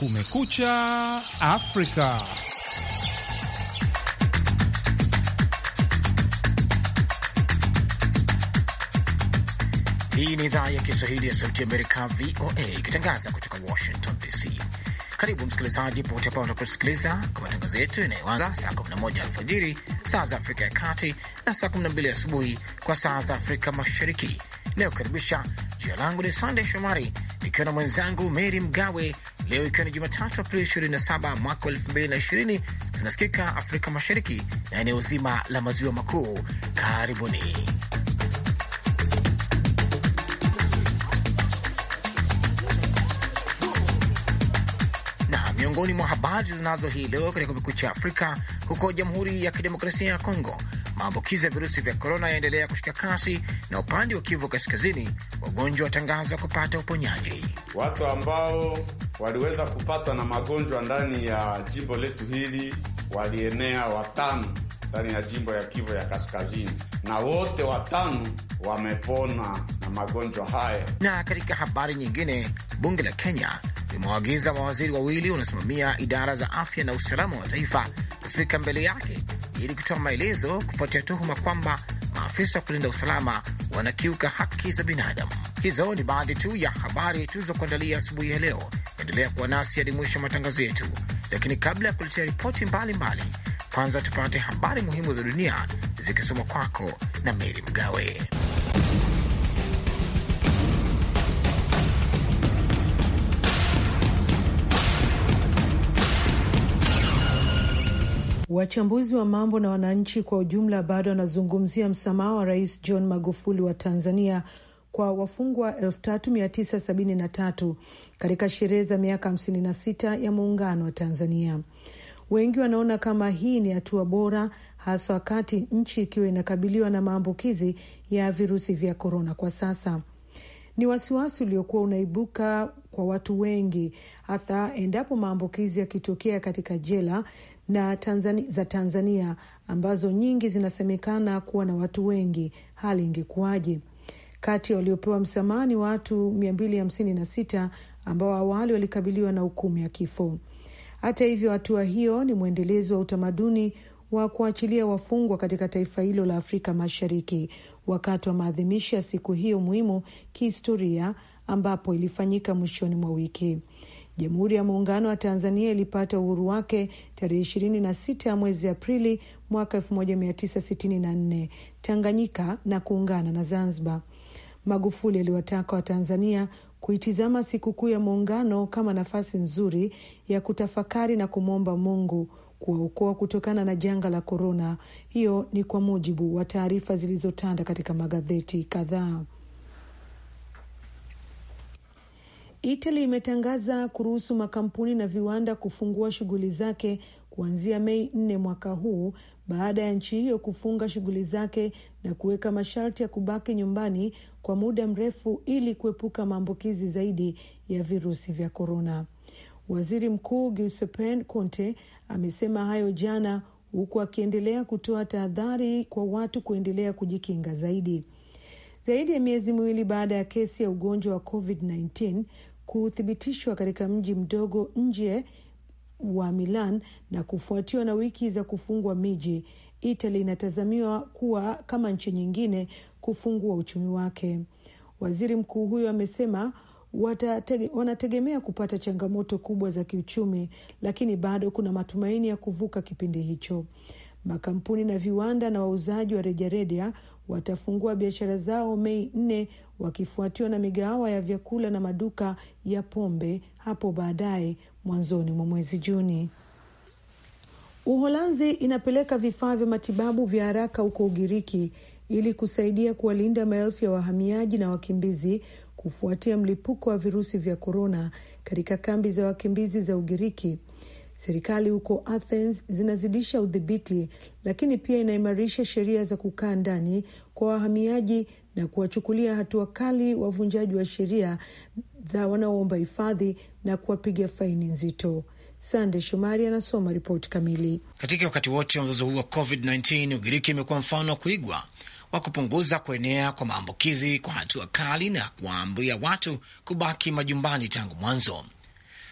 Kumekucha Afrika. Hii ni idhaa ya Kiswahili ya Sauti Amerika, VOA, ikitangaza kutoka Washington DC. Karibu msikilizaji, popote pale unaposikiliza kwa matangazo yetu yanayoanza saa 11 alfajiri saa za Afrika ya Kati na saa 12 asubuhi kwa saa za Afrika Mashariki inayokaribisha. Jina langu ni Sandey Shomari nikiwa na mwenzangu Meri Mgawe leo ikiwa ni Jumatatu, Aprili 27 mwaka 220 Tunasikika Afrika Mashariki na eneo zima la maziwa makuu. Karibuni. Miongoni mwa habari zinazo hii leo katika Kumekucha Afrika, huko Jamhuri ya Kidemokrasia ya Kongo maambukizi ya virusi vya korona yaendelea kushika kasi, na upande wa Kivu Kaskazini wagonjwa watangazwa kupata uponyaji. Watu ambao waliweza kupatwa na magonjwa ndani ya jimbo letu hili walienea watano ndani ya jimbo ya Kivu ya Kaskazini, na wote watano wamepona na magonjwa haya. Na katika habari nyingine, bunge la Kenya limewaagiza mawaziri wawili wanaosimamia idara za afya na usalama wa taifa kufika mbele yake ili kutoa maelezo kufuatia tuhuma kwamba maafisa wa kulinda usalama wanakiuka haki za binadamu. Hizo ni baadhi tu ya habari tulizokuandalia asubuhi ya leo. Endelea kuwa nasi hadi mwisho matangazo yetu, lakini kabla ya kuletea ripoti mbalimbali, kwanza tupate habari muhimu za dunia zikisoma kwako na Meri Mgawe. Wachambuzi wa mambo na wananchi kwa ujumla bado wanazungumzia msamaha wa Rais John Magufuli wa Tanzania kwa wafungwa 3973 katika sherehe za miaka 56 ya muungano wa Tanzania. Wengi wanaona kama hii ni hatua bora, hasa wakati nchi ikiwa inakabiliwa na maambukizi ya virusi vya korona. Kwa sasa ni wasiwasi uliokuwa unaibuka kwa watu wengi, hasa endapo maambukizi yakitokea katika jela na Tanzania, za Tanzania ambazo nyingi zinasemekana kuwa na watu wengi, hali ingekuwaje? Kati ya waliopewa msamaha ni watu 256 ambao awali walikabiliwa na hukumu ya kifo. Hata hivyo, hatua hiyo ni mwendelezo wa utamaduni wa kuachilia wafungwa katika taifa hilo la Afrika Mashariki wakati wa maadhimisho ya siku hiyo muhimu kihistoria ambapo ilifanyika mwishoni mwa wiki. Jamhuri ya Muungano wa Tanzania ilipata uhuru wake tarehe 26 mwezi Aprili mwaka nne Tanganyika na kuungana na Zanzibar. Magufuli aliwataka Watanzania kuitizama sikukuu ya Muungano kama nafasi nzuri ya kutafakari na kumwomba Mungu kuwaokoa kutokana na janga la korona. Hiyo ni kwa mujibu wa taarifa zilizotanda katika magazeti kadhaa. Italy imetangaza kuruhusu makampuni na viwanda kufungua shughuli zake kuanzia Mei nne mwaka huu baada ya nchi hiyo kufunga shughuli zake na kuweka masharti ya kubaki nyumbani kwa muda mrefu ili kuepuka maambukizi zaidi ya virusi vya korona. Waziri Mkuu Giuseppe Conte amesema hayo jana, huku akiendelea kutoa tahadhari kwa watu kuendelea kujikinga zaidi. Zaidi ya miezi miwili baada ya kesi ya ugonjwa wa COVID-19 kuthibitishwa katika mji mdogo nje wa Milan na kufuatiwa na wiki za kufungwa miji, itali inatazamiwa kuwa kama nchi nyingine kufungua uchumi wake. Waziri mkuu huyo amesema wanategemea kupata changamoto kubwa za kiuchumi, lakini bado kuna matumaini ya kuvuka kipindi hicho. Makampuni na viwanda na wauzaji wa rejareja watafungua biashara zao Mei nne wakifuatiwa na migahawa ya vyakula na maduka ya pombe hapo baadaye mwanzoni mwa mwezi Juni. Uholanzi inapeleka vifaa vya matibabu vya haraka huko Ugiriki ili kusaidia kuwalinda maelfu ya wahamiaji na wakimbizi kufuatia mlipuko wa virusi vya korona katika kambi za wakimbizi za Ugiriki. Serikali huko Athens zinazidisha udhibiti, lakini pia inaimarisha sheria za kukaa ndani kwa wahamiaji na kuwachukulia hatua kali wavunjaji wa sheria za wanaoomba hifadhi na kuwapiga faini nzito. Sande Shomari anasoma ripoti kamili. Katika wakati wote wa mzozo huu wa COVID-19, Ugiriki imekuwa mfano wa kuigwa wa kupunguza kuenea kwa maambukizi kwa hatua kali na kuwaambia watu kubaki majumbani tangu mwanzo.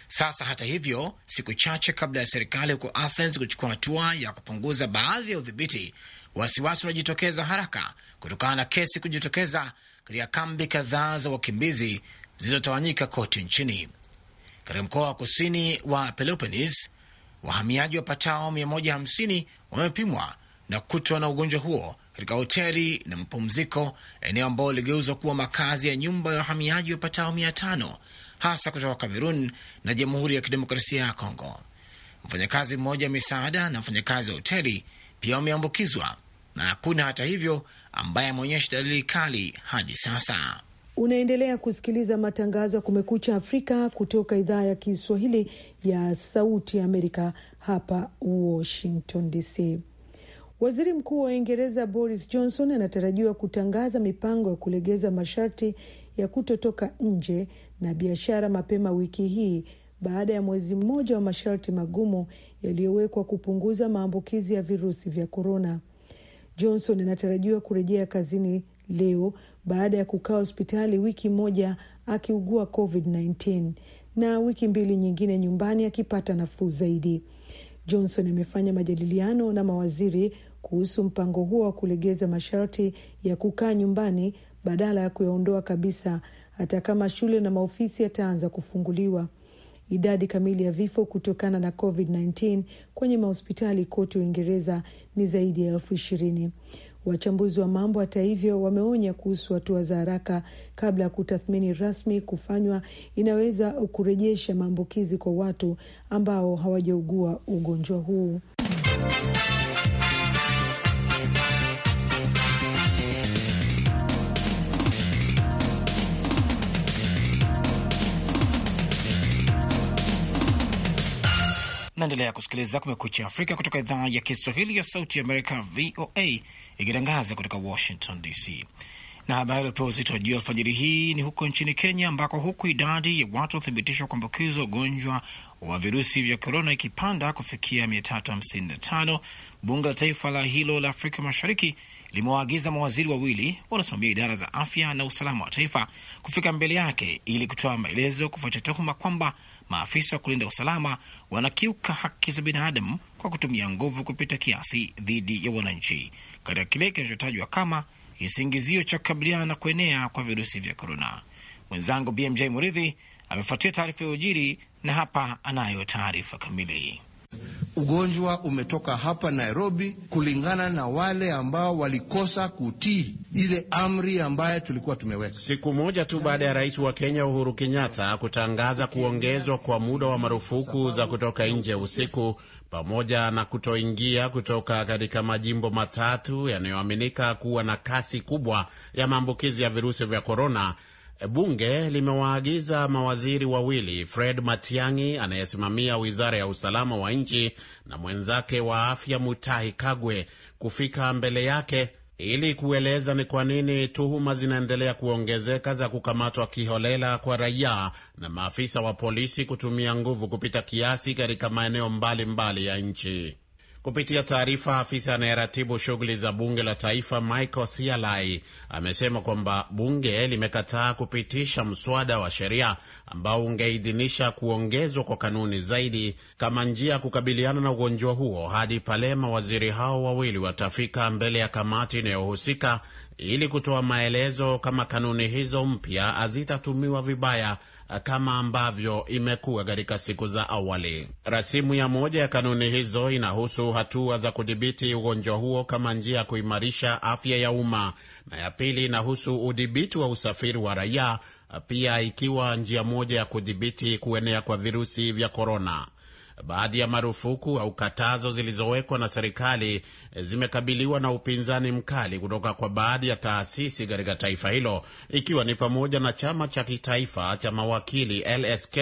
Sasa hata hivyo, siku chache kabla ya serikali huko Athens kuchukua hatua ya kupunguza baadhi ya udhibiti, wasiwasi unajitokeza haraka kutokana na kesi kujitokeza katika kambi kadhaa za wakimbizi zilizotawanyika kote nchini. Katika mkoa wa kusini wa Peloponnese, wahamiaji wapatao 150 wamepimwa na kutwa na ugonjwa huo katika hoteli na mapumziko, eneo ambalo iligeuzwa kuwa makazi ya nyumba ya wahamiaji wapatao 500 hasa kutoka Kamerun na Jamhuri ya Kidemokrasia ya Kongo. Mfanyakazi mmoja wa misaada na mfanyakazi wa hoteli pia wameambukizwa na hakuna hata hivyo ambaye ameonyesha dalili kali hadi sasa. Unaendelea kusikiliza matangazo ya Kumekucha Afrika kutoka idhaa ya Kiswahili ya Sauti ya Amerika hapa Washington DC. Waziri Mkuu wa Uingereza Boris Johnson anatarajiwa kutangaza mipango ya kulegeza masharti ya kutotoka nje na biashara mapema wiki hii baada ya mwezi mmoja wa masharti magumu yaliyowekwa kupunguza maambukizi ya virusi vya korona. Johnson anatarajiwa kurejea kazini leo baada ya kukaa hospitali wiki moja akiugua COVID-19 na wiki mbili nyingine nyumbani akipata nafuu zaidi. Johnson amefanya majadiliano na mawaziri kuhusu mpango huo wa kulegeza masharti ya kukaa nyumbani badala ya kuyaondoa kabisa, hata kama shule na maofisi yataanza kufunguliwa. Idadi kamili ya vifo kutokana na COVID-19 kwenye mahospitali kote Uingereza ni zaidi ya elfu ishirini. Wachambuzi wa mambo hata hivyo wameonya kuhusu hatua za haraka kabla ya kutathmini rasmi kufanywa inaweza kurejesha maambukizi kwa watu ambao hawajaugua ugonjwa huu. Naendelea kusikiliza Kumekucha Afrika kutoka idhaa ya Kiswahili ya Sauti ya Amerika, VOA, ikitangaza kutoka Washington DC. Na habari iliyopewa uzito wa juu alfajiri hii ni huko nchini Kenya, ambako huku idadi ya watu wathibitishwa kuambukizwa ugonjwa wa virusi vya korona ikipanda kufikia 355 bunge la taifa la hilo la Afrika Mashariki limewaagiza mawaziri wawili wanaosimamia idara za afya na usalama wa taifa kufika mbele yake ili kutoa maelezo kufuatia tuhuma kwamba maafisa wa kulinda usalama wanakiuka haki za binadamu kwa kutumia nguvu kupita kiasi dhidi ya wananchi katika kile kinachotajwa kama kisingizio cha kukabiliana na kuenea kwa virusi vya korona. Mwenzangu BMJ Muridhi amefuatia taarifa ya ujiri na hapa anayo taarifa kamili. Ugonjwa umetoka hapa Nairobi, kulingana na wale ambao walikosa kutii ile amri ambayo tulikuwa tumeweka. Siku moja tu baada ya rais wa Kenya Uhuru Kenyatta kutangaza kuongezwa kwa muda wa marufuku za kutoka nje usiku pamoja na kutoingia kutoka katika majimbo matatu yanayoaminika kuwa na kasi kubwa ya maambukizi ya virusi vya korona E, bunge limewaagiza mawaziri wawili, Fred Matiang'i anayesimamia wizara ya usalama wa nchi na mwenzake wa afya Mutahi Kagwe kufika mbele yake ili kueleza ni kwa nini tuhuma zinaendelea kuongezeka za kukamatwa kiholela kwa raia na maafisa wa polisi kutumia nguvu kupita kiasi katika maeneo mbalimbali mbali ya nchi. Kupitia taarifa, afisa anayeratibu shughuli za bunge la taifa Michael Sialai amesema kwamba bunge limekataa kupitisha mswada wa sheria ambao ungeidhinisha kuongezwa kwa kanuni zaidi kama njia ya kukabiliana na ugonjwa huo hadi pale mawaziri hao wawili watafika mbele ya kamati inayohusika ili kutoa maelezo kama kanuni hizo mpya hazitatumiwa vibaya kama ambavyo imekuwa katika siku za awali. Rasimu ya moja ya kanuni hizo inahusu hatua za kudhibiti ugonjwa huo kama njia ya kuimarisha afya ya umma, na ya pili inahusu udhibiti wa usafiri wa raia, pia ikiwa njia moja ya kudhibiti kuenea kwa virusi vya korona. Baadhi ya marufuku au katazo zilizowekwa na serikali eh, zimekabiliwa na upinzani mkali kutoka kwa baadhi ya taasisi katika taifa hilo, ikiwa ni pamoja na chama cha kitaifa cha mawakili LSK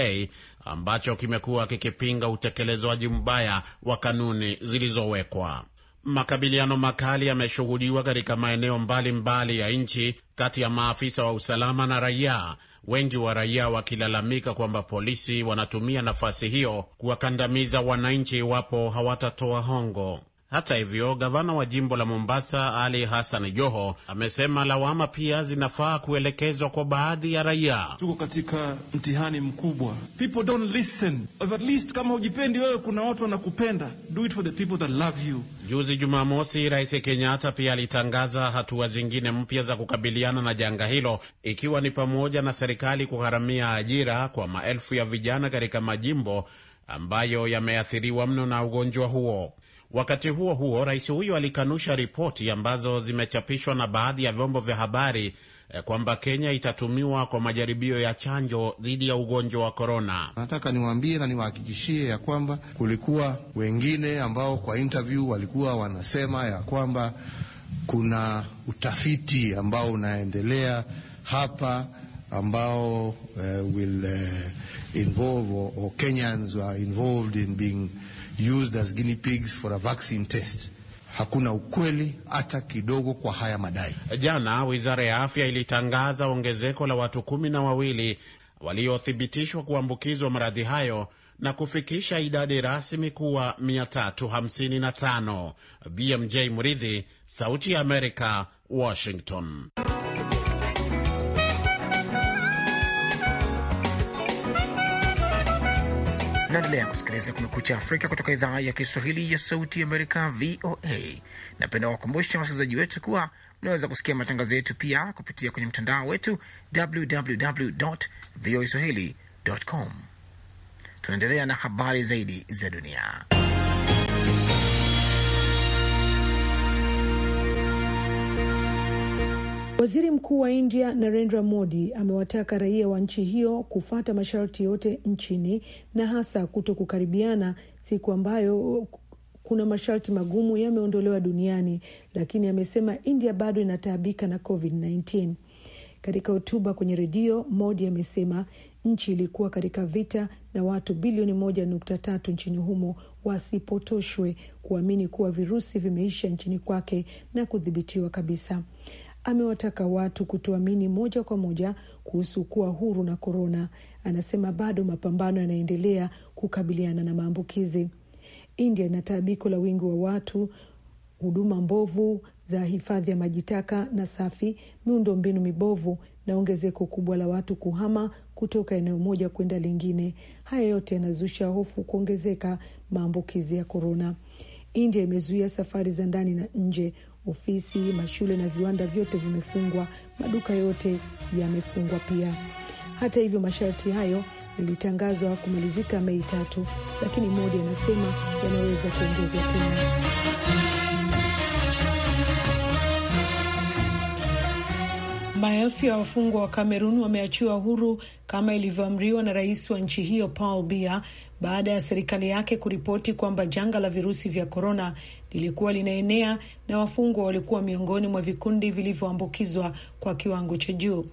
ambacho kimekuwa kikipinga utekelezwaji mbaya wa kanuni zilizowekwa. Makabiliano makali yameshuhudiwa katika maeneo mbalimbali mbali ya nchi kati ya maafisa wa usalama na raia wengi wa raia wakilalamika kwamba polisi wanatumia nafasi hiyo kuwakandamiza wananchi iwapo hawatatoa hongo. Hata hivyo, gavana wa jimbo la Mombasa Ali Hassan Joho amesema lawama pia zinafaa kuelekezwa kwa baadhi ya raia. Tuko katika mtihani mkubwa, people don't listen. At least kama hujipendi wewe, kuna watu wanakupenda, do it for the people that love you. Juzi Jumamosi, Rais Kenyatta pia alitangaza hatua zingine mpya za kukabiliana na janga hilo, ikiwa ni pamoja na serikali kugharamia ajira kwa maelfu ya vijana katika majimbo ambayo yameathiriwa mno na ugonjwa huo. Wakati huo huo, rais huyo alikanusha ripoti ambazo zimechapishwa na baadhi ya vyombo vya habari eh, kwamba Kenya itatumiwa kwa majaribio ya chanjo dhidi ya ugonjwa wa korona. Nataka niwaambie na niwahakikishie ya kwamba kulikuwa wengine ambao kwa interview walikuwa wanasema ya kwamba kuna utafiti ambao unaendelea hapa ambao uh, will uh, involve or, or Kenyans are involved in being used as guinea pigs for a vaccine test. Hakuna ukweli hata kidogo kwa haya madai. Jana wizara ya afya ilitangaza ongezeko la watu kumi na wawili waliothibitishwa kuambukizwa maradhi hayo na kufikisha idadi rasmi kuwa 355. BMJ Muridhi, Sauti ya Amerika, Washington. naendelea kusikiliza Kumekucha Afrika kutoka idhaa ya Kiswahili ya Sauti Amerika, VOA. Napenda wakumbusha wasikilizaji wetu kuwa mnaweza kusikia matangazo yetu pia kupitia kwenye mtandao wetu www voa swahili com. Tunaendelea na habari zaidi za dunia. Waziri Mkuu wa India Narendra Modi amewataka raia wa nchi hiyo kufuata masharti yote nchini na hasa kuto kukaribiana siku ambayo kuna masharti magumu yameondolewa duniani, lakini amesema India bado inataabika na COVID-19. Katika hotuba kwenye redio, Modi amesema nchi ilikuwa katika vita na watu bilioni 13 nchini humo wasipotoshwe kuamini kuwa virusi vimeisha nchini kwake na kudhibitiwa kabisa amewataka watu kutoamini moja kwa moja kuhusu kuwa huru na korona. Anasema bado mapambano yanaendelea kukabiliana na maambukizi. India ina taabiko la wingi wa watu, huduma mbovu za hifadhi ya maji taka na safi, miundo mbinu mibovu na ongezeko kubwa la watu kuhama kutoka eneo moja kwenda lingine. Haya yote yanazusha hofu kuongezeka maambukizi ya korona. India imezuia safari za ndani na nje, Ofisi, mashule na viwanda vyote vimefungwa, maduka yote yamefungwa pia. Hata hivyo, masharti hayo yalitangazwa kumalizika Mei tatu, lakini moja anasema yanaweza kuongezwa tena. Maelfu ya wafungwa wa Kamerun wameachiwa huru kama ilivyoamriwa na rais wa nchi hiyo Paul bia baada ya serikali yake kuripoti kwamba janga la virusi vya korona lilikuwa linaenea na wafungwa walikuwa miongoni mwa vikundi vilivyoambukizwa kwa kiwango cha juu.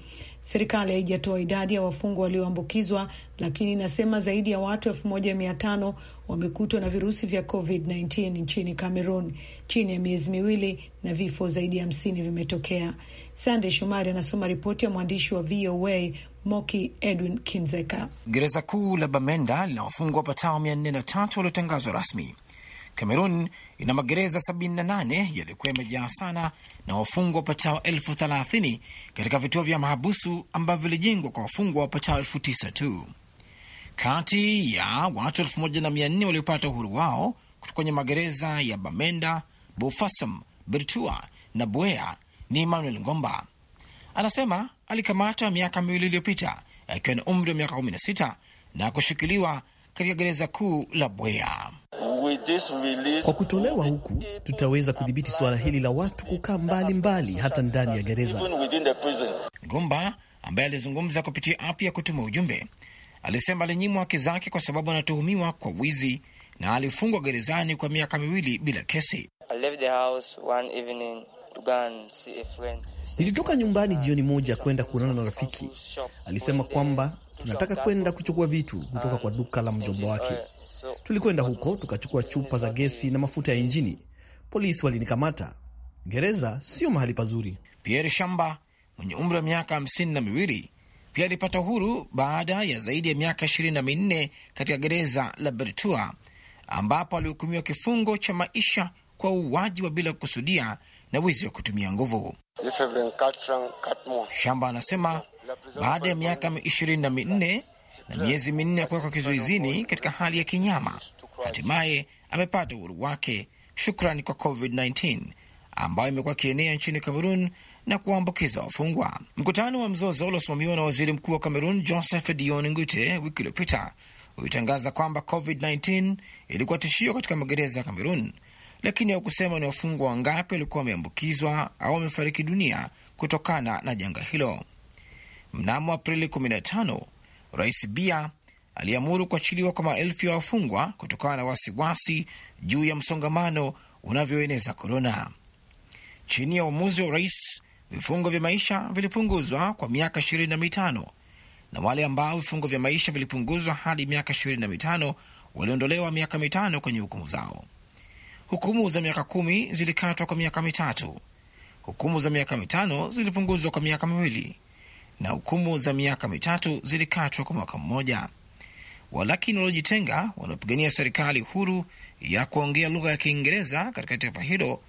Serikali haijatoa idadi ya wafungwa walioambukizwa, lakini inasema zaidi ya watu elfu moja mia tano wamekutwa na virusi vya COVID-19 nchini Cameroon chini ya miezi miwili, na vifo zaidi ya hamsini vimetokea. Sande Shomari anasoma ripoti ya mwandishi wa VOA Moki Edwin Kinzeka. Gereza kuu la Bamenda lina wafungwa wapatao mia nne na tatu waliotangazwa rasmi. Kamerun ina magereza 78 yaliyokuwa yamejaa sana na wafungwa wapatao elfu thelathini katika vituo vya mahabusu ambavyo vilijengwa kwa wafungwa wapatao elfu tisa tu. Kati ya watu elfu moja na mia nne waliopata uhuru wao kutoka kwenye magereza ya Bamenda, Bofasam, Bertua na Buea ni Emmanuel Ngomba. Anasema alikamatwa miaka miwili iliyopita akiwa na umri wa miaka 16 na kushikiliwa katika gereza kuu la Bwea. Kwa kutolewa huku, tutaweza kudhibiti suala hili la watu kukaa mbali mbali hata ndani ya gereza. Gumba ambaye alizungumza kupitia app ya kutuma ujumbe alisema alinyimwa haki zake kwa sababu anatuhumiwa kwa wizi na alifungwa gerezani kwa miaka miwili bila kesi. Nilitoka nyumbani jioni moja kwenda kuonana na rafiki. Alisema kwamba tunataka kwenda kuchukua vitu kutoka ah, kwa duka la mjomba wake. Tulikwenda huko tukachukua chupa za gesi na mafuta ya injini. Polisi walinikamata. Gereza sio mahali pazuri. Pierre Shamba mwenye umri wa miaka hamsini na miwili pia alipata uhuru baada ya zaidi ya miaka ishirini na minne katika gereza la Bertua ambapo alihukumiwa kifungo cha maisha kwa uuaji wa bila kukusudia na wizi wa kutumia nguvu. Shamba anasema baada ya miaka ishirini na minne na miezi minne ya kuwekwa kizuizini katika hali ya kinyama, hatimaye amepata uhuru wake shukrani kwa COVID-19 ambayo imekuwa kienea nchini Kamerun na kuwaambukiza wafungwa. Mkutano wa mzozo uliosimamiwa na waziri mkuu wa Kamerun Joseph Dion Ngute wiki iliyopita ulitangaza kwamba COVID-19 ilikuwa tishio katika magereza ya Kamerun, lakini haukusema ni wafungwa wangapi walikuwa wameambukizwa au wamefariki dunia kutokana na janga hilo. Mnamo Aprili 15 Rais Bia aliamuru kuachiliwa kwa maelfu ya wafungwa kutokana na wasiwasi juu ya msongamano unavyoeneza korona. Chini ya uamuzi wa rais, vifungo vya maisha vilipunguzwa kwa miaka ishirini na mitano na wale ambao vifungo vya maisha vilipunguzwa hadi miaka ishirini na mitano waliondolewa miaka mitano kwenye hukumu zao. Hukumu za miaka kumi zilikatwa kwa miaka mitatu. Hukumu za miaka mitano zilipunguzwa kwa miaka miwili na hukumu za miaka mitatu zilikatwa kwa mwaka mmoja. Walakini waliojitenga wanaopigania serikali huru ya kuongea lugha ya Kiingereza katika taifa hilo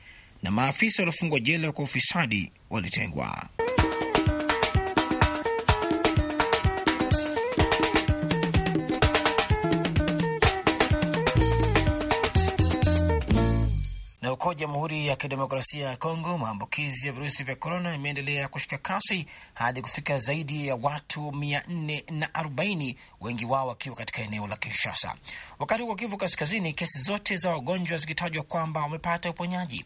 na maafisa waliofungwa jela kwa ufisadi walitengwa. Huko Jamhuri ya Kidemokrasia ya Kongo, maambukizi ya virusi vya korona imeendelea kushika kasi hadi kufika zaidi ya watu 440, wengi wao wakiwa katika eneo la Kinshasa. Wakati huo Kivu Kaskazini, kesi zote za wagonjwa zikitajwa kwamba wamepata uponyaji.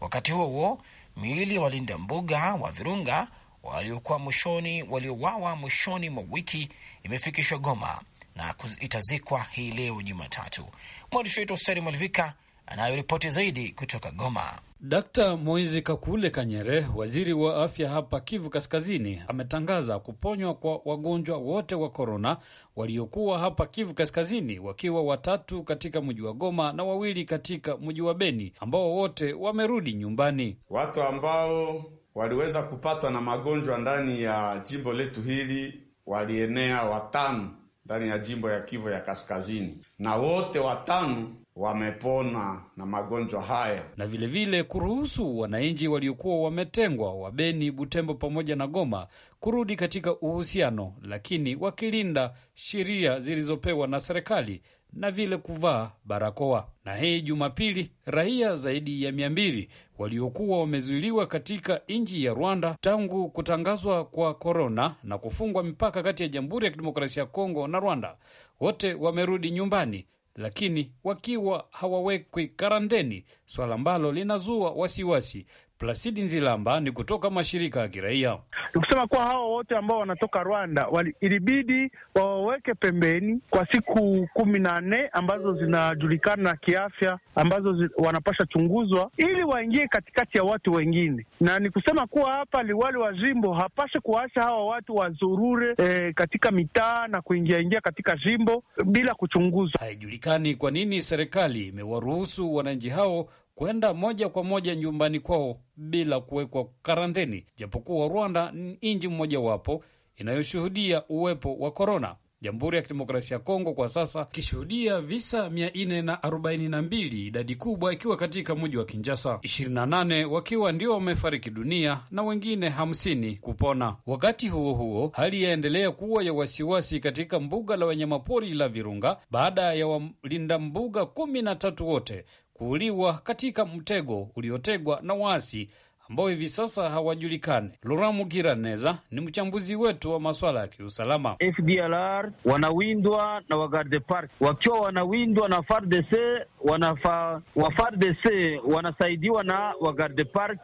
Wakati huo huo, miili ya walinda mbuga wa Virunga waliokuwa mwishoni waliowawa mwishoni mwa wiki imefikishwa Goma na itazikwa hii leo Jumatatu. Mwandishi wetu Hosteri Malivika anayoripoti zaidi kutoka Goma. Dkt Moizi Kakule Kanyere, waziri wa afya hapa Kivu Kaskazini, ametangaza kuponywa kwa wagonjwa wote wa korona waliokuwa hapa Kivu Kaskazini, wakiwa watatu katika mji wa Goma na wawili katika mji wa Beni, ambao wote wamerudi nyumbani. Watu ambao waliweza kupatwa na magonjwa ndani ya jimbo letu hili walienea watano ndani ya jimbo ya Kivu ya Kaskazini, na wote watano wamepona na magonjwa haya, na vilevile vile kuruhusu wananchi waliokuwa wametengwa wa Beni, Butembo pamoja na Goma kurudi katika uhusiano, lakini wakilinda sheria zilizopewa na serikali na vile kuvaa barakoa. Na hii Jumapili raia zaidi ya mia mbili waliokuwa wamezuiliwa katika nchi ya Rwanda tangu kutangazwa kwa korona na kufungwa mipaka kati ya Jamhuri ya Kidemokrasia ya Kongo na Rwanda, wote wamerudi nyumbani lakini wakiwa hawawekwi karanteni swala ambalo linazua wasiwasi. Plasidi Nzilamba ni kutoka mashirika ya kiraia. kusema kuwa hawa wote ambao wanatoka Rwanda wali, ilibidi wawaweke pembeni kwa siku kumi na nne ambazo zinajulikana kiafya ambazo zi, wanapasha chunguzwa ili waingie katikati ya watu wengine, na ni kusema kuwa hapa liwali wa jimbo hapashe kuwaacha hawa watu wazurure e, katika mitaa na kuingiaingia katika jimbo bila kuchunguzwa. Haijulikani kwa nini serikali imewaruhusu wananchi hao kwenda moja kwa moja nyumbani kwao bila kuwekwa karantini, japokuwa Rwanda ni nchi mmojawapo inayoshuhudia uwepo wa korona. Jamhuri ya Kidemokrasia ya Kongo kwa sasa ikishuhudia visa 442, idadi kubwa ikiwa katika mji wa kinjasa 28 wakiwa ndio wamefariki dunia na wengine 50 kupona. Wakati huo huo, hali yaendelea kuwa ya wasiwasi katika mbuga la wanyamapori la Virunga baada ya walinda mbuga 13 wote kuuliwa katika mtego uliotegwa na waasi ambao hivi sasa hawajulikani. Mugira neza ni mchambuzi wetu wa maswala ya kiusalama. FDLR wanawindwa na wagarde park, wakiwa wanawindwa na FARDC wanafa, wa FARDC wanasaidiwa na wagarde park,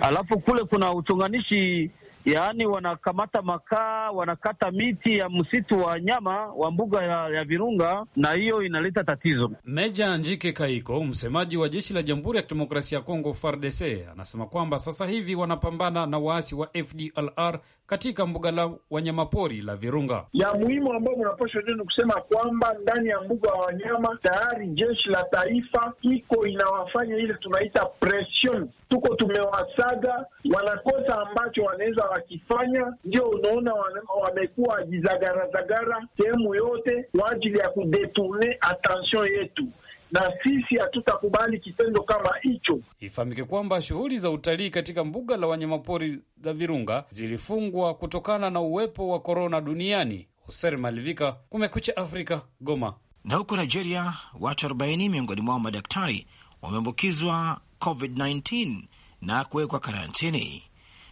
alafu kule kuna uchonganishi yaani wanakamata makaa, wanakata miti ya msitu wa nyama wa mbuga ya, ya Virunga, na hiyo inaleta tatizo. Meja Njike Kaiko, msemaji wa jeshi la Jamhuri ya Kidemokrasia ya Kongo FARDC, anasema kwamba sasa hivi wanapambana na waasi wa FDLR katika mbuga la wanyamapori la Virunga. Ya muhimu ambayo mnapasha jua ni kusema kwamba ndani ya mbuga wa wanyama tayari jeshi la taifa iko inawafanya ile tunaita pression tuko tumewasaga, wanakosa ambacho wanaweza wakifanya, ndio unaona wamekuwa wajizagarazagara sehemu yote kwa ajili ya kudeturne attention yetu na sisi hatutakubali kitendo kama hicho. Ifahamike kwamba shughuli za utalii katika mbuga la wanyamapori za Virunga zilifungwa kutokana na uwepo wa korona duniani. Hoser Malivika, Kumekucha Afrika, Goma. Na huko Nigeria, watu 40 miongoni mwao madaktari wameambukizwa COVID-19 na kuwekwa karantini.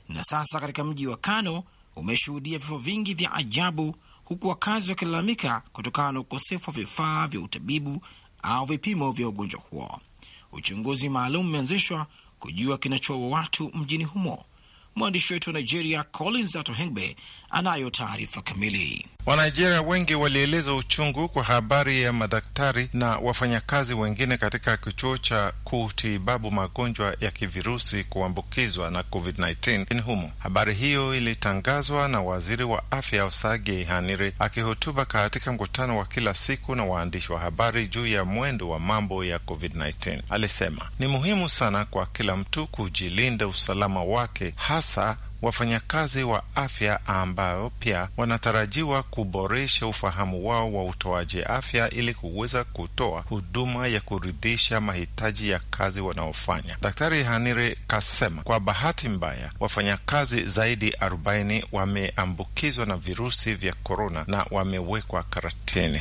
Na sasa katika mji wa Kano umeshuhudia vifo vingi vya ajabu, huku wakazi wakilalamika kutokana na ukosefu wa vifaa vya utabibu au vipimo vya ugonjwa huo. Uchunguzi maalum umeanzishwa kujua kinachoua watu mjini humo. Mwandishi wetu wa Nigeria Collins Atohengbe anayo taarifa kamili. Wanigeria wengi walieleza uchungu kwa habari ya madaktari na wafanyakazi wengine katika kituo cha kutibabu magonjwa ya kivirusi kuambukizwa na COVID-19 nchini humo. Habari hiyo ilitangazwa na waziri wa afya Usagi Haniri akihutuba katika mkutano wa kila siku na waandishi wa habari juu ya mwendo wa mambo ya COVID-19. Alisema ni muhimu sana kwa kila mtu kujilinda usalama wake hasa wafanyakazi wa afya ambao pia wanatarajiwa kuboresha ufahamu wao wa utoaji afya ili kuweza kutoa huduma ya kuridhisha mahitaji ya kazi wanaofanya. Daktari Hanire kasema kwa bahati mbaya, wafanyakazi zaidi 40 wameambukizwa na virusi vya korona na wamewekwa karantini.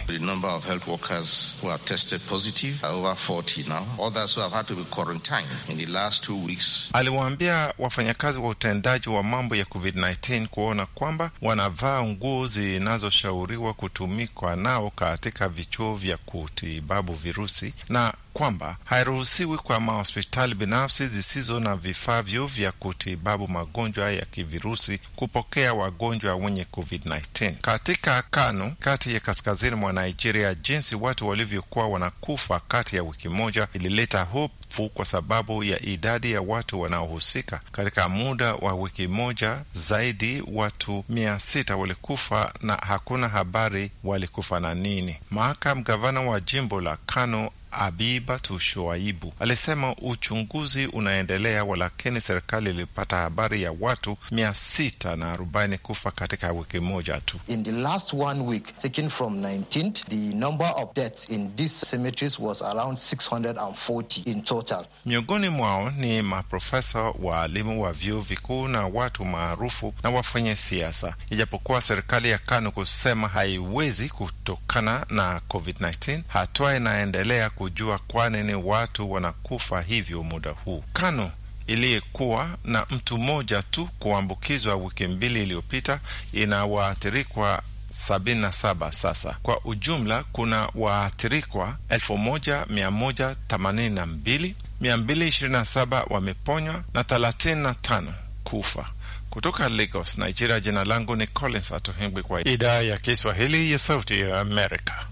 Aliwaambia wafanyakazi wa utendaji wa mambo ya COVID-19 kuona kwamba wanavaa nguo zinazoshauriwa kutumikwa nao katika vichuo vya kutibabu virusi na kwamba hairuhusiwi kwa mahospitali binafsi zisizo na vifaa vyo vya kutibabu magonjwa ya kivirusi kupokea wagonjwa wenye COVID-19 katika Kano kati ya kaskazini mwa Nigeria. Jinsi watu walivyokuwa wanakufa kati ya wiki moja ilileta hofu kwa sababu ya idadi ya watu wanaohusika. Katika muda wa wiki moja, zaidi watu mia sita walikufa na hakuna habari walikufa na nini. Mahakam gavana wa jimbo la Kano Abibatu Shoaibu alisema uchunguzi unaendelea, walakini serikali ilipata habari ya watu mia sita na arobaini kufa katika wiki moja tu. In the last one week from 19th, the number of deaths in these cemeteries was around 640 in total. Miongoni mwao ni maprofesa, waalimu wa vyuo vikuu na watu maarufu na wafanye siasa, ijapokuwa serikali ya KANU kusema haiwezi kutokana na COVID-19, hatua inaendelea kujua kwa nini watu wanakufa hivyo muda huu. Kano iliyekuwa na mtu mmoja tu kuambukizwa wiki mbili iliyopita inawaathirikwa 77 sasa. Kwa ujumla kuna waathirikwa 1182, 227 wameponywa na 35 kufa. Kutoka Lagos, Nigeria, jina langu ni Collins Atohengwi kwa idhaa ya Kiswahili ya Sauti ya Amerika.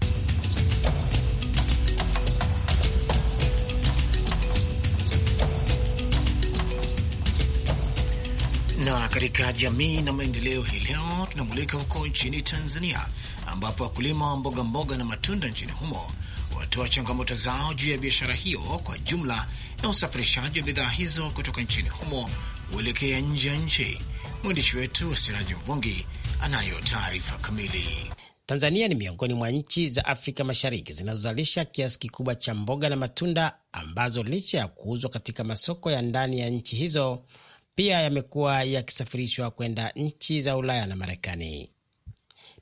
Na katika jamii na maendeleo, hii leo tunamulika huko nchini Tanzania, ambapo wakulima wa mboga mboga na matunda nchini humo watoa changamoto zao juu ya biashara hiyo kwa jumla na usafirishaji wa bidhaa hizo kutoka nchini humo kuelekea nje ya nchi. Mwandishi wetu Siraji Mvungi anayo taarifa kamili. Tanzania ni miongoni mwa nchi za Afrika Mashariki zinazozalisha kiasi kikubwa cha mboga na matunda ambazo licha ya kuuzwa katika masoko ya ndani ya nchi hizo pia yamekuwa yakisafirishwa kwenda nchi za Ulaya na Marekani.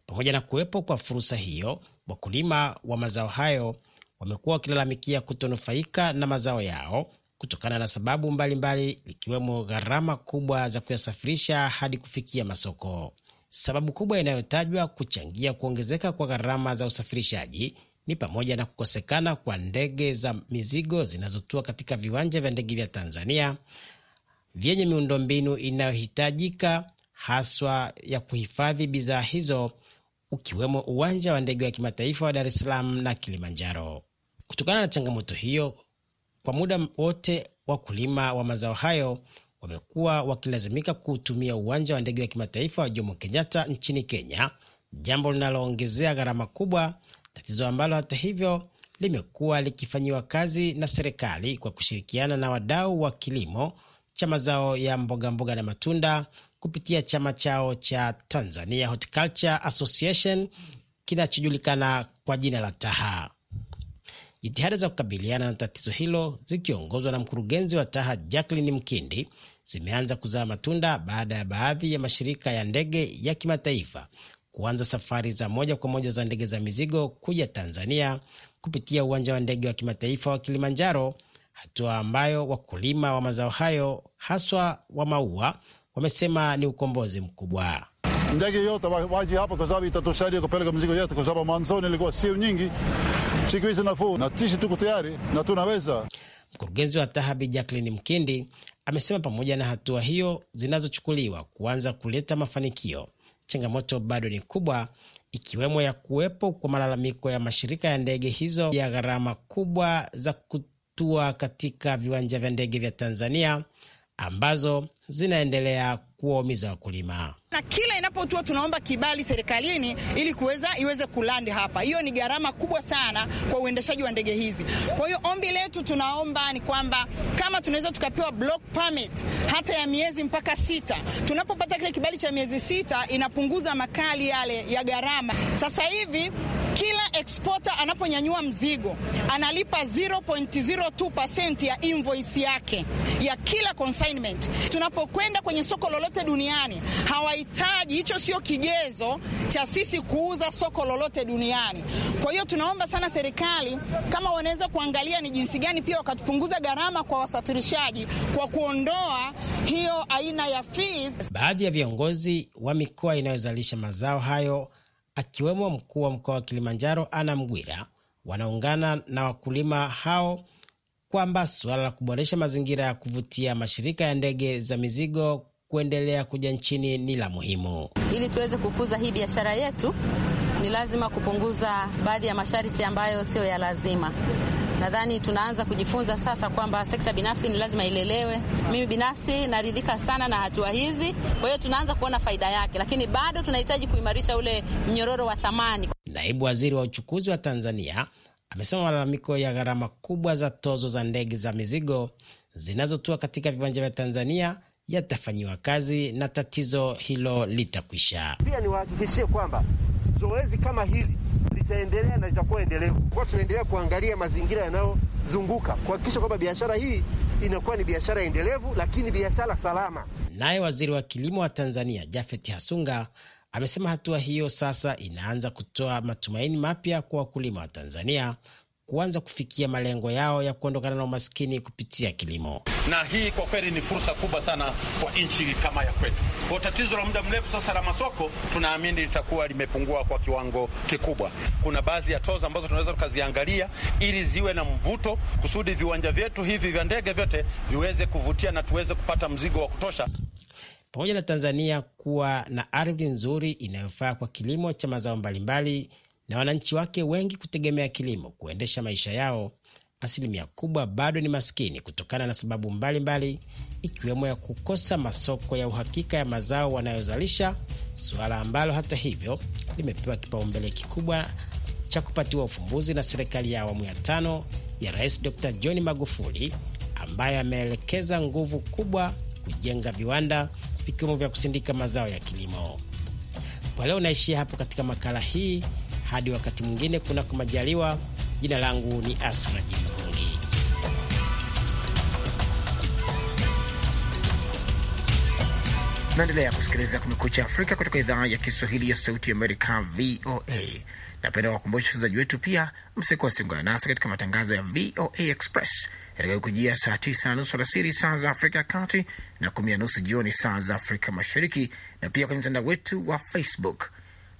Pamoja na kuwepo kwa fursa hiyo, wakulima wa mazao hayo wamekuwa wakilalamikia kutonufaika na mazao yao kutokana na sababu mbalimbali ikiwemo gharama kubwa za kuyasafirisha hadi kufikia masoko. Sababu kubwa inayotajwa kuchangia kuongezeka kwa gharama za usafirishaji ni pamoja na kukosekana kwa ndege za mizigo zinazotua katika viwanja vya ndege vya Tanzania vyenye miundombinu inayohitajika haswa ya kuhifadhi bidhaa hizo ukiwemo uwanja wa ndege wa kimataifa wa Dar es Salaam na Kilimanjaro. Kutokana na changamoto hiyo, kwa muda wote wakulima wa mazao hayo wamekuwa wakilazimika kuutumia uwanja wa ndege wa kimataifa wa Jomo Kenyatta nchini Kenya, jambo linaloongezea gharama kubwa, tatizo ambalo hata hivyo limekuwa likifanyiwa kazi na serikali kwa kushirikiana na wadau wa kilimo cha mazao ya mboga mboga na matunda kupitia chama chao cha Tanzania Horticulture Association kinachojulikana kwa jina la TAHA. Jitihada za kukabiliana na tatizo hilo zikiongozwa na mkurugenzi wa TAHA Jacqueline Mkindi zimeanza kuzaa matunda baada ya baadhi ya mashirika ya ndege ya kimataifa kuanza safari za moja kwa moja za ndege za mizigo kuja Tanzania kupitia uwanja wa ndege wa kimataifa wa Kilimanjaro hatua ambayo wakulima wa mazao hayo haswa wa maua wamesema ni ukombozi mkubwa. Ndege yote waji hapa kwa sababu itatusaidia kupeleka mzigo yetu, kwa sababu mwanzoni ilikuwa sio nyingi, siku hizi nafuu na tishi, tuko tayari na tunaweza. Mkurugenzi wa Tahabi Jacqueline Mkindi amesema pamoja na hatua hiyo zinazochukuliwa kuanza kuleta mafanikio, changamoto bado ni kubwa, ikiwemo ya kuwepo kwa malalamiko ya mashirika ya ndege hizo ya gharama kubwa za ku kutua katika viwanja vya ndege vya Tanzania ambazo zinaendelea kuwaumiza wakulima na kila inapotua tunaomba kibali serikalini ili kuweza iweze kulandi hapa. Hiyo ni gharama kubwa sana kwa uendeshaji wa ndege hizi. Kwa hiyo ombi letu tunaomba ni kwamba kama tunaweza tukapewa block permit hata ya miezi mpaka sita. Tunapopata kile kibali cha miezi sita, inapunguza makali yale ya gharama. Sasa hivi kila exporter anaponyanyua mzigo analipa 0.02% ya invoice yake ya kila consignment. Tunapokwenda kwenye soko lolote duniani hawahitaji hicho, sio kigezo cha sisi kuuza soko lolote duniani. Kwa hiyo tunaomba sana serikali kama wanaweza kuangalia ni jinsi gani pia wakatupunguza gharama kwa wasafirishaji kwa kuondoa hiyo aina ya fees. Baadhi ya viongozi wa mikoa inayozalisha mazao hayo akiwemo mkuu wa mkoa wa Kilimanjaro ana Mgwira, wanaungana na wakulima hao kwamba suala la kuboresha mazingira ya kuvutia mashirika ya ndege za mizigo kuendelea kuja nchini ni la muhimu. Ili tuweze kukuza hii biashara yetu, ni lazima kupunguza baadhi ya masharti ambayo siyo ya lazima nadhani tunaanza kujifunza sasa kwamba sekta binafsi ni lazima ilelewe. Mimi binafsi naridhika sana na hatua hizi, kwa hiyo tunaanza kuona faida yake, lakini bado tunahitaji kuimarisha ule mnyororo wa thamani. Naibu waziri wa uchukuzi wa Tanzania amesema malalamiko ya gharama kubwa za tozo za ndege za mizigo zinazotua katika viwanja vya Tanzania yatafanyiwa kazi na tatizo hilo litakwisha. Pia niwahakikishie kwamba zoezi kama hili kitaendelea na itakuwa endelevu. Kwa tunaendelea kuangalia mazingira yanayozunguka kuhakikisha kwamba biashara hii inakuwa ni biashara endelevu, lakini biashara salama. Naye waziri wa kilimo wa Tanzania Jafet Hasunga amesema hatua hiyo sasa inaanza kutoa matumaini mapya kwa wakulima wa Tanzania kuanza kufikia malengo yao ya kuondokana na umaskini kupitia kilimo. Na hii kwa kweli ni fursa kubwa sana kwa nchi kama ya kwetu. Kwa tatizo la muda mrefu sasa la masoko, tunaamini litakuwa limepungua kwa kiwango kikubwa. Kuna baadhi ya toza ambazo tunaweza tukaziangalia ili ziwe na mvuto, kusudi viwanja vyetu hivi vya ndege vyote viweze kuvutia na tuweze kupata mzigo wa kutosha. Pamoja na Tanzania kuwa na ardhi nzuri inayofaa kwa kilimo cha mazao mbalimbali mbali, na wananchi wake wengi kutegemea kilimo kuendesha maisha yao, asilimia kubwa bado ni maskini kutokana na sababu mbalimbali, ikiwemo ya kukosa masoko ya uhakika ya mazao wanayozalisha, suala ambalo hata hivyo limepewa kipaumbele kikubwa cha kupatiwa ufumbuzi na serikali ya awamu ya tano ya Rais Dr. John Magufuli ambaye ameelekeza nguvu kubwa kujenga viwanda vikiwemo vya kusindika mazao ya kilimo. Kwa leo naishia hapo katika makala hii hadi wakati mwingine, kunako majaliwa. Jina langu ni Asra Jimvungi. Naendelea kusikiliza Kumekucha Afrika kutoka idhaa ya Kiswahili ya Sauti Amerika, VOA. Napenda kuwakumbusha wasikilizaji wetu pia, msikose kuungana nasi katika matangazo ya VOA Express yatakayokujia saa tisa na nusu alasiri saa za Afrika ya Kati na kumi na nusu jioni saa za Afrika Mashariki, na pia kwenye mtandao wetu wa Facebook.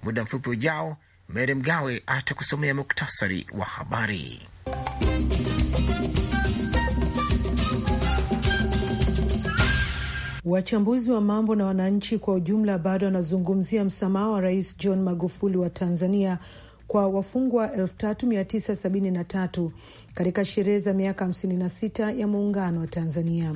Muda mfupi ujao Meri Mgawe atakusomea muktasari wa habari. Wachambuzi wa mambo na wananchi kwa ujumla bado wanazungumzia msamaha wa Rais John Magufuli wa Tanzania kwa wafungwa 3973 katika sherehe za miaka 56 ya muungano wa Tanzania.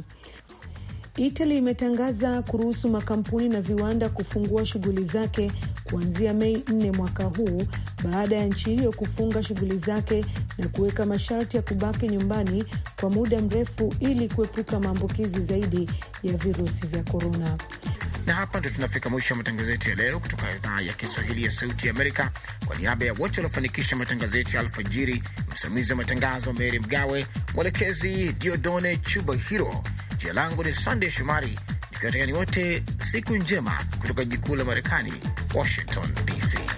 Italy imetangaza kuruhusu makampuni na viwanda kufungua shughuli zake kuanzia Mei 4 mwaka huu baada ya nchi hiyo kufunga shughuli zake na kuweka masharti ya kubaki nyumbani kwa muda mrefu ili kuepuka maambukizi zaidi ya virusi vya korona. Na hapa ndio tunafika mwisho wa matangazo yetu ya leo kutoka idhaa ya Kiswahili ya Sauti ya Amerika. Kwa niaba ya wote waliofanikisha matangazo yetu ya alfajiri, msimamizi wa matangazo Meri Mgawe, mwelekezi Diodone Chuba Hiro. Jina langu ni Sandey Shomari, nikiwatakieni wote siku njema kutoka jikuu la Marekani, Washington DC.